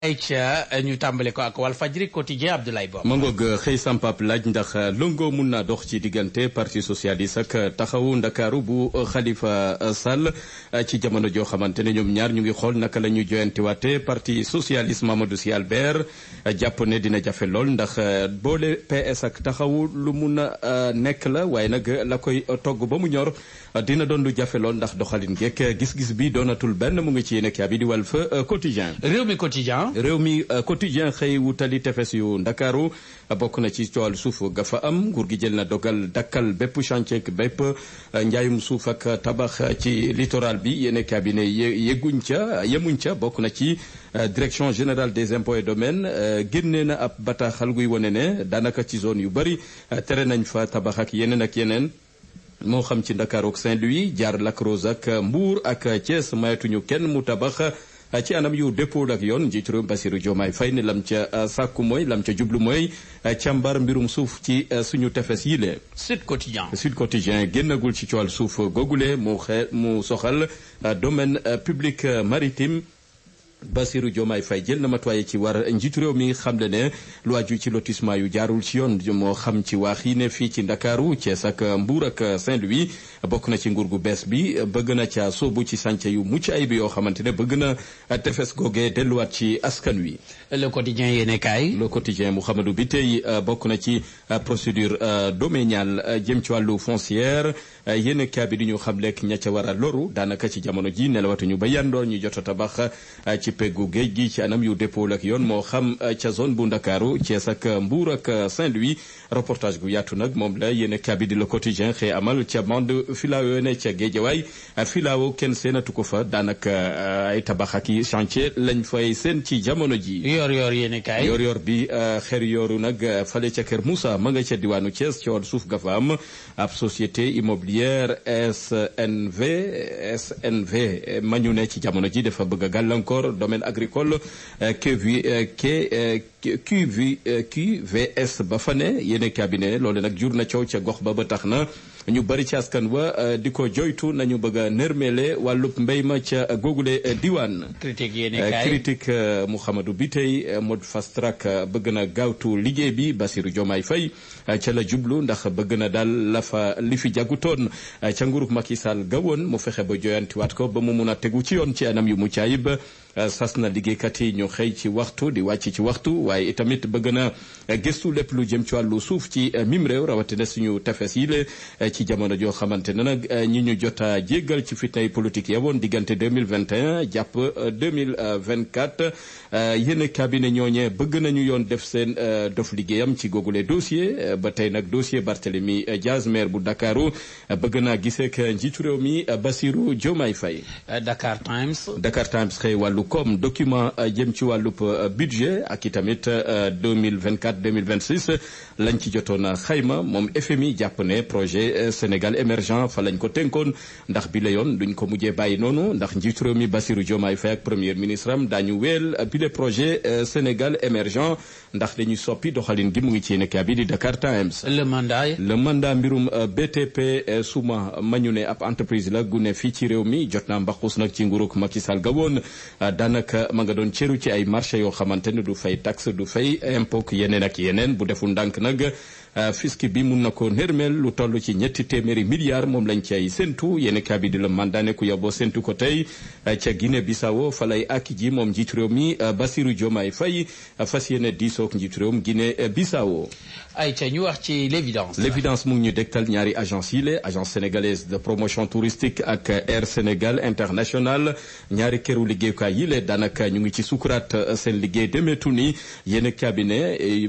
ayca ñu tàmbale ko ak Walfadjri quotidien Abdoulaye Bob. ma ngoog xëy sampap laaj ndax longo mun naa dox ci diggante parti socialiste ak taxawu ndakaaru bu xalifa Sall ci jamono joo xamante ne ñoom ñaar ñu ngi xool naka la ñuy joyantiwaate parti socialiste Mamadou Sy Albert jàpp ne dina jafe lool ndax boole PS ak taxawu lu mun a nekk la waaye nag la koy togg ba mu ñor dina doon lu jafe lool ndax doxalin geek gis-gis bi doonatul benn mu ngi ci yéen a kii di Walf quotidien réew mi quotidien réew mi euh, quotidien xëy wutali tefes yu ndakaaru bokk na ci coowal suuf ga fa am nguur gi jël na dogal dakkal bépp chantier bépp euh, njaayum suuf ak tabax ci littoral bi yéen cabinet yegguñ ca yemuñ ca bokk na ci euh, direction générale des impôts et domaines génnee na ab bataaxal guy wane ne daanaka ci zone yu bari tere nañ fa tabax ak yeneen ak yeneen. moo xam ci Ndakaaru ak Saint-Louis jaar Lac ak Mbour ak Thiès mayatuñu kenn mu tabax. ci anam yu dëppoowul ak yoon njiitu réew Bassirou Diomaye Faye ne lam ca euh, sàkku mooy lam ca jublu mooy euh, càmbar mbirum suuf ci euh, suñu tefes yi le Sud Quotidien Sud Quotidien génnagul ci coowal suuf googule mu xe mu soxal domaine public maritime Bassirou Diomaye fay jël na matuwaay ci war njiitu réew mi ngi xamle ne lu aju ci lotissement yu jaarul ci yoon moo xam ci waax yi ne fii ci Ndakaaru Thiès ak mbuur ak Saint-Louis bokk na ci nguur gu bees bi bëgg na ca soobu ci sànce yu mucc ay bi yoo xamante ne bëgg na tefes googee delluwaat ci askan wi. Le Quotidien yéene kaay. Le Quotidien Mouhamadou bi tey euh, bokk na ci euh, procédure euh, domaniale jëm ci wàllu foncière yéene kaay bi di ñu xam lekk ña ca war a loru daanaka ci jamono ji nelawatuñu ba yandoor ñu jot a ci peggu géej gi ci anam yu dépôt ak yoon moo xam euh, ca zone bu Ndakaaru Thiès ak Mbour ak euh, Saint-Louis reportage gu yaatu nag moom la yéen kabi di Le Quotidien xëy amal ca monde filaawo ne ca Géejawaay filaawo kenn seenatu ko fa daanaka euh, ay tabaxak ak i lañ fay seen ci jamono ji yor yor yéen kaay yor yor bi xer yooru nag fale ca Kër Moussa ma nga ca diwaanu Thiès ca woon suuf nga fa am ab société immobilière SNV SNV ma ne ci jamono ji dafa bëgg a gàllankoor domaine agricole euh, QV euh, euh, QV QVS ba fa ne yéen cabinet loole nag jur na coow ca gox ba ba tax na ñu bëri ci askan wa euh, di ko joytu nañu bëgg a nërmeele wàllub mbéy ma ca googule euh, diwaan. critique yéene euh, kaay critique Mouhamadou Biteye mode fast track bëgg na gaawtu liggéey bi Bassirou Diomaye Faye ca la jublu ndax bëgg na daal la fa li fi jagutoon ca nguurug Macky Sall gawoon mu fexe ba joyantiwaat ko ba mu mun a tegu ci yoon ci anam yu mu ba sas na liggéeykat yi ñu xëy ci waxtu di wàcc ci waxtu waaye itamit bëgg na gëstu lépp lu jëm ci wàllu suuf ci mim réew rawatina suñu tefes yi ci jamono joo xamante ne nag eh, ñi ñu jot a jéggal ci fitnay politique ya woon diggante 2021 jàpp 2024 eh, eh, yenn cabinet ñooñee bëgg nañu yoon def seen dof liggéeyam ci googule dossier ba tey nag dossier Barthélemy Diaz maire bu Dakaru bëgg naa giseek njiitu réew mi Bassirou Diomaye Faye Dakar Times Dakar Times xëy wàllu koom document jëm ci wàllub budget ak i tamit 2024 2026 lañ ci jotoon xayma moom FMI jàpp ne projet Sénégal émergent fa lañ ko tënkoon ndax bi yoon duñ ko mujjee bàyyi noonu ndax njiitu réew mi Bassirou Diomaye Faye ak premier ministre am daañu wéel bi le projet euh, Sénégal émergent ndax dañuy soppi doxalin gi mu ngi ci yéen a bi di Dakar Times. le mandat le mandat mbirum euh, BTP euh, suma mañu ne ab entreprise la gune fii ci réew mi jot naa mbaxus nag ci nguurug Macky Sall ga woon daanaka ma nga doon cëru ci ay marché yoo xamante ne du fay taxe du fay impôt Euh, fisc bi mun na ko nërmeel lu toll ci ñetti téeméeri milliards moom lañ ci ay séntu yéen kaa bi di la mandaane ku yoboo séntu ko tey euh, ca Guinée Bissau falay ak ji moom njiitu réew mi euh, Bassirou ay fay fas yéene diisoog njiitu réewum Guinée Bissau ay ca ñu wax ci l'évidence l'évidence mu ngi ñu dégtal ñaari agence yi agence sénégalaise de promotion touristique ak Air Sénégal International ñaari këru liggéeyukaay yi la daanaka ñu ngi ci sukuraat seen liggéey demeetu ni yéen kaa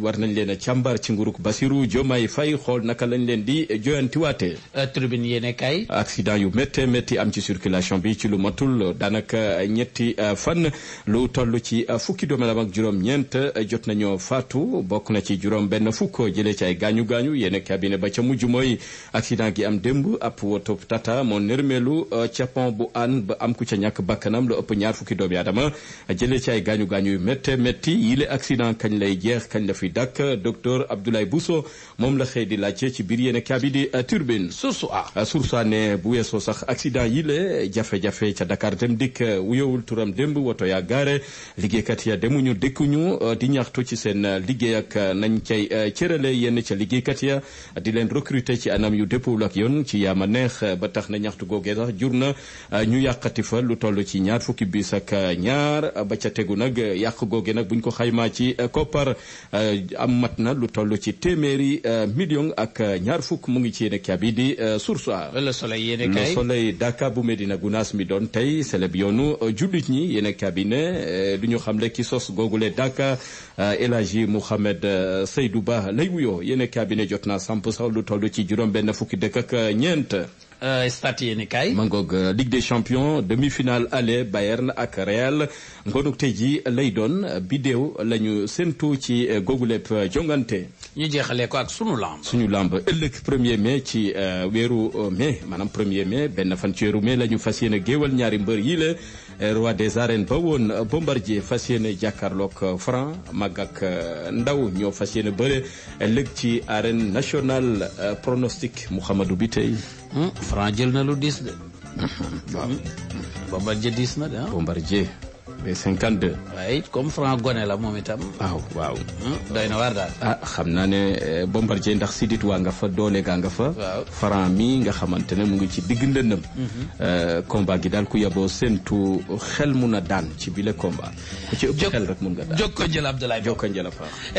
war nañ leen a Diomaye Faye xool naka lañ leen di joyantiwaate euh, tribune yéene kay accident yu métte métti am ci circulation bi ci lu matul daanaka ñetti euh, fan lu toll ci euh, fukki doomu aadama ak ñeent jot nañoo faatu bokk na ci juróom benn fukk jëlee ci ay gaañu gaañu yéene cabinet ba ca mujj mooy accident gi am démb ab tata moo nërmeelu ca pont bu aan ba am ku ca ñàkk bakkanam lu ëpp ñaar fukki doomu aadama jëlee ci ay gaañu gaañu yu métte métti yile accident kañ lay jeex kañ la fi dakk docteur Abdoulaye Bousso moom la xëy di laajte ci biir yéen a di euh, turbine source a euh, source a ne bu weesoo sax accident yi la jafe-jafe ca Dakar dem dikk euh, wuyowul turam démb woto yaa gaare liggéeykat ya demuñu dëkkuñu di ñaxtu ci seen liggéey ak nañ cay cërale yenn ca liggéeykat ya di leen recruter ci anam yu dëppul ak yoon ci yaama neex ba tax na ñaxtu googee sax jur na ñu yàqati fa lu toll ci ñaar fukki bis ak ñaar ba ca tegu nag yàq googee nag buñ ko xaymaa ci koppar am mat na lu toll ci téeméeri téeméeri eh, million ak eh, ñaar fukk mu ngi ci yéene kabi di eh, source a le soleil Dakar bu Medina Gunaas mi doon tey seleb yoonu jullit ñi yéene kabi ne du ñu xamle ki sos googule Dakar El Hadji Mouhamed Seydou Ba lay wuyoo yéene kabi ne jot na samp sax lu toll ci juróom benn fukki dëkk ak ñeent Euh, stade yéen kaay. ma ngoog euh, Ligue des champions demi-finale aller Bayern ak Real ngoonuk tey ji lay doon bidéew la ñu séentu ci euh, googu lépp jongante. ñu jeexalee ko ak suñu lamb. suñu làmb ëllëg premier mai ci weeru mai maanaam premier mai benn fan ci weeru mai la ñu fas yéene géewal ñaari mbër yi la. Eh, roi des arènes ba woon euh, Bombardier fas yéene jàkkaarloog euh, Franc mag euh, ndaw ñoo fas yéene bëre ci arène nationale pronostic Mouhamadou bi tey. Hmm, Franc jël na lu diis de. Hmm, Bombardier diis na de ah. Bombardier. mais 52. waaye comme franc gone la moom itam. waaw waaw. Hmm, na waar daal. ah xam naa ne eh, Bombardier ndax sidit waa nga fa doole gaa nga fa. waaw mii nga xamante ne mu ngi ci digg ndëndam. Mhm. Eh, combat gi daal ku yaboo séntu xel mun a daan ci bile combat. ku ci ëpp xel rek mun nga daan. Jokko jël Abdoulaye Jokko jël Fatou.